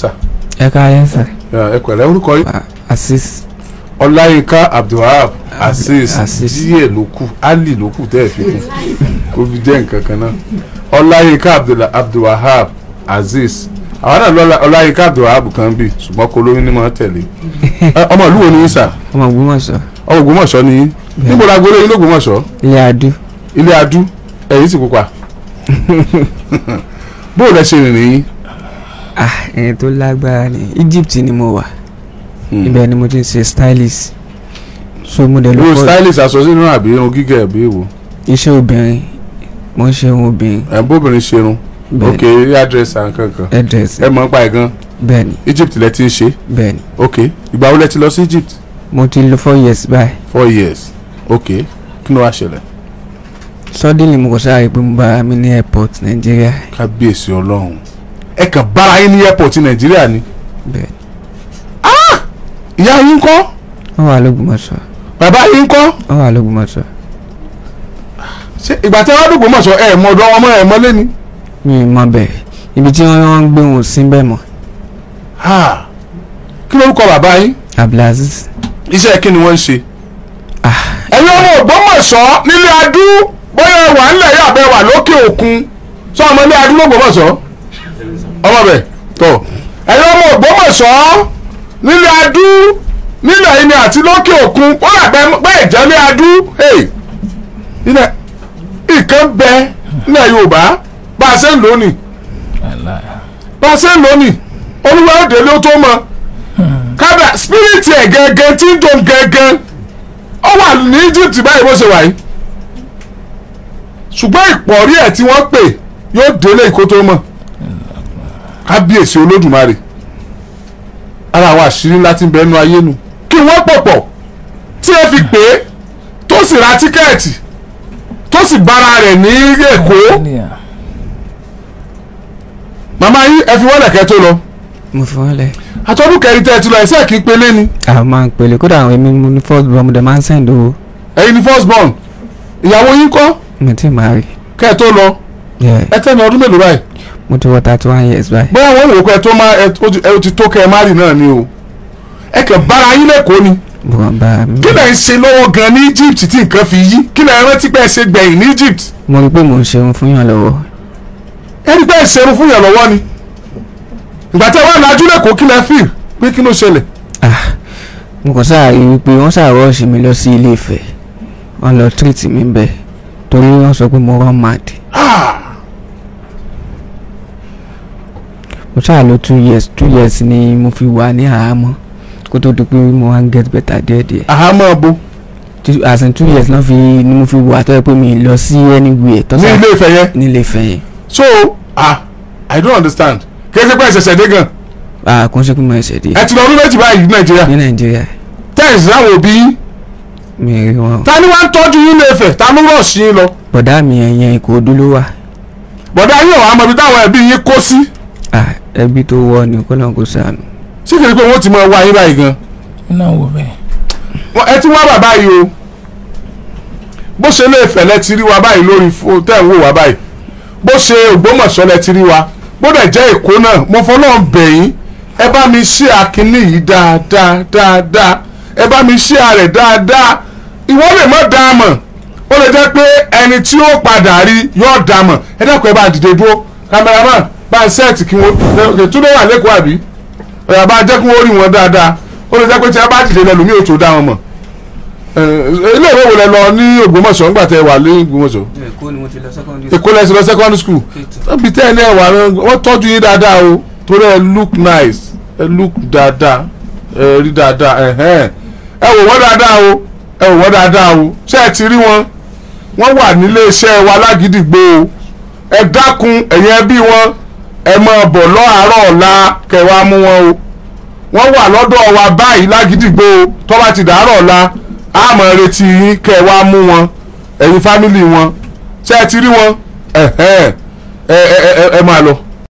sà. ẹ káyọ̀ sà. ẹ pẹ̀lẹ́ orúkọ yìí. asis. ọláyínká abdulwahab asis díẹ̀ ló kù ali ló kù tẹ́ ẹ̀ fi kún kó fi jẹ́ nǹkan kan náà ọláyínká abdulwahab aziz àwọn náà lọ ọláyínká abdulwahab kan bí ṣùgbọ́n kó lóyún ní mọ́ tẹ̀lé ọmọ ìlú wo ni yín sà. ọmọ Ògbómọ̀ṣọ́. ọmọ Ògbómọ̀ṣọ́ ni yín níbo la gbólé yín l'Ógbómọ̀ṣọ́. ilé adu. ilé adu ẹ̀yin sì pupa bóòlù ẹ ṣe rìnrìn yín ah ẹ̀yìn tó lágbára ni Egypt ni mo wà hmm. ibẹ̀ ni mo ti ń ṣe stylist so mo dẹ̀ lọ kọ́. wo stylist aṣọ sínú àbí irun gígẹ̀ àbí èwo. iṣẹ́ obìnrin mo ń ṣe irun obìnrin. ẹ̀ ń bóbìnrin ṣerun ok hairdresser àǹkan kan hairdresser ẹ mọ̀ ń pa ẹ̀ gan. bẹ́ẹ̀ni Egypt lẹ ti ń ṣe. bẹ́ẹ̀ni ok ìgbà wo lẹ ti lọ sí Egypt. mo ti lò four years báyìí. four years ok kí ló wá ṣẹlẹ̀. suddenly mo kọ sáà pé mo bá mi ní airport Nàìjíríà. kábíyèsí Ọlọ́run ẹ kàn bára yín ní airport nàìjíríà ni. Ah! ìyá yín kọ́. wọ́n wà lógbòmọ̀ṣọ́. bàbá yín kọ́. wọ́n wà lógbòmọ̀ṣọ́. ṣé ìgbà tí wọ́n dògbòmọ̀ṣọ́ ẹ̀ mọ ọ̀dọ̀ ọmọ ẹ̀ mọ lẹ́ni. mi ì mọ bẹ́ẹ̀ ibi tí wọ́n ń gbé wọn sí bẹ́ẹ̀ mọ́. Ah! kí lórúkọ bàbá yín. abdulaziz. iṣẹ́ kí ni wọ́n ń ṣe. Ah. ẹ̀yin ọmọ ògbómọ̀ṣọ́ nílé adú bóyá wà ńlẹ̀ yàbẹ̀ wà lókè òkun sọ ọmọ ilé adú lógbòmọ̀ṣọ́ ọmọ bẹ̀ tọ̀ ẹ̀yin ọmọ Ògbómọ̀ṣọ́ nílẹ̀ adú nílẹ̀ ìní àti lókè òkun ó là pẹ́ pé ìjẹ́lẹ̀ adú ìkan bẹ nílẹ̀ Yorùbá bá a ṣe ń lò ní bá a ṣe ń lò olúwa èdè ló tó mọ kábà spiriti ẹ̀ gẹ́gẹ́ tí ń dùn gẹ́gẹ́ ó wà ní Egypt báyìí bó ṣe wà yìí ṣùgbọ́n ìpọ̀rí ẹ̀ tí wọ́n pè yóò délé ìkótó mọ́ kábíyèsí olódùmarè ara àwọn àṣírí ńlá tí ń bẹ nú ayé nu kí wọ́n pọ̀pọ̀ tí ẹ fi pé tó sì ra tíkẹ́ẹ̀tì tó sì bára rẹ̀ ní èkó màmá yín ẹ fi wọ́n lẹ̀kẹ́ tó lọ. mo fi wọ́n lẹ̀. àtọ́dún kẹrin tẹ́ ẹ ti lọ ẹ̀sẹ̀ kì í pélé ni. a máa ń pèlè kódà àwọn èmi ní first born mo dẹ̀ máa ń sẹ́ǹd owó. ẹ̀yin ni first born ìyàwó yín kọ́. mi ti máa rí. kẹ́ ẹ tó lọ ẹ tẹ́ ní ọdún mélòó báyìí mo ti wọ thirty one years báyìí. bóyá wọn wò ó kọ ẹ tó má ẹ ti tó kẹ ẹ má rì náà ni o ẹ kẹ bára yín lẹkọọ ni. kí lẹ ń ṣe lọ́wọ́ gan ní Egypt tí nǹkan fi yí kí lẹ rántí pé ẹ ṣe gbẹ̀yìn ní Egypt. mo rí pé mò ń ṣerun fún yàn lọ́wọ́. ẹ rí pé ẹ ṣerun fún yàn lọ́wọ́ ni ìgbà tí ẹ wà lájú lẹkọọ kí lẹ fi pé kí ló ṣẹlẹ̀. Ah, mo kàn sáà rí i pé sáà rọ́ọ̀ṣì mi lọ sí Ilé Ifẹ̀ wọ́n lọ tírìtì mi bẹ́ẹ̀ torí wọ́n sọ pé mo rán mad. Ah mo ṣáà lọ two years two years ni mo fi wà ní àhámọ́ kó tó di pé mo wá ń get better díẹ̀díẹ̀. àhámọ́ bo. as in two years náà fi ni mo fi wà tó yẹ pé mi lọ sí anywhere. ní ilé Ifẹ̀ yẹn ní ilé Ifẹ̀ yẹn. so ah i don't understand kí ẹ ṣe pé ẹ ṣẹ̀ṣẹ̀ gan. ah kò ń ṣe pé mo ṣẹ̀ṣẹ̀ dé. ẹ ti lọ ọdún méjì báyìí ní Nàìjíríà. ní Nàìjíríà. tẹ́sí láwọn òbí. mi rí wọn. ta ni wọ́n ń tọ́jú ilé Ifẹ̀ ta ló rọ̀ sí i lọ. bọ̀dá mi ẹ̀yẹn Ìkòròdú ló wà. bọ̀dá yóò wá mọ ibi táwọn ẹbí yín kó sí. Ah, ẹbí tó wọ ni kó lóun kò sànù. ṣé kìí pé wọ́n ti máa wá yín báyìí gan. iná wò bẹ́ẹ̀. ẹ ti wá bàbá yìí o bó ṣe lè fẹ̀lẹ́ ti rí wa báyìí lórí tẹ́ ń wò wá báyìí bó ṣe Ògbómọ̀ṣọ́ lẹ ti rí wa bó dẹ̀ jẹ́ Èkó náà mo fọlọ́run bẹ̀ yín ẹ bá mi ṣí àkíní yìí dáadáa dáadáa ẹ bá mi ṣí àrẹ̀ dáadáa ìwọ lè mọ̀ dáa mọ̀ ó lè jẹ́ pé ẹni tí ó padà rí yóò dáa mọ̀ ẹ dẹ́kun ẹ bá dìde dúró kámẹ́rámán bá sẹ́ẹ̀tì kí wọ́n túnde wà lẹ́kọ̀ọ́ àbí ọ̀yà bá jẹ́ kí wọ́n rí wọn dáadáa ó lè jẹ́ pé tí a bá dìde lẹ́nu mi ò tó dá wọn mọ̀ ilé ìwé wo lẹ lọ ní Ògbómọ̀ṣọ́ nígbà tẹ wà ní Ògbómọ̀ṣọ́ Èkó lẹ ti lọ secondary school ibi tẹ́ ẹ ní ẹ̀wà wọ́n tọ́jú yín dáadáa o torí ẹ look nice ẹ look dáadáa ẹ rí dáadáa ẹ wò wọ́n dáadáa o ẹ wò wọ́n dáadáa o ṣé ẹ ti rí wọn wọ́n wà nílé iṣẹ́ wa lágídìgbò ẹ dákun ẹ̀yin ẹbí wọn ẹ ọbọ lọ lọ́àárọ̀ ọ̀la kẹwàá mú wọn o wọn wà lọ́dọ̀ wa báyìí lágídìgbò tó bá ti dàárọ̀ ọ̀la a retí yín kẹwàá mú wọn ẹ̀yin fámìlì wọn tí ẹ ti rí wọn ẹ ẹ ẹ ẹ máa lọ.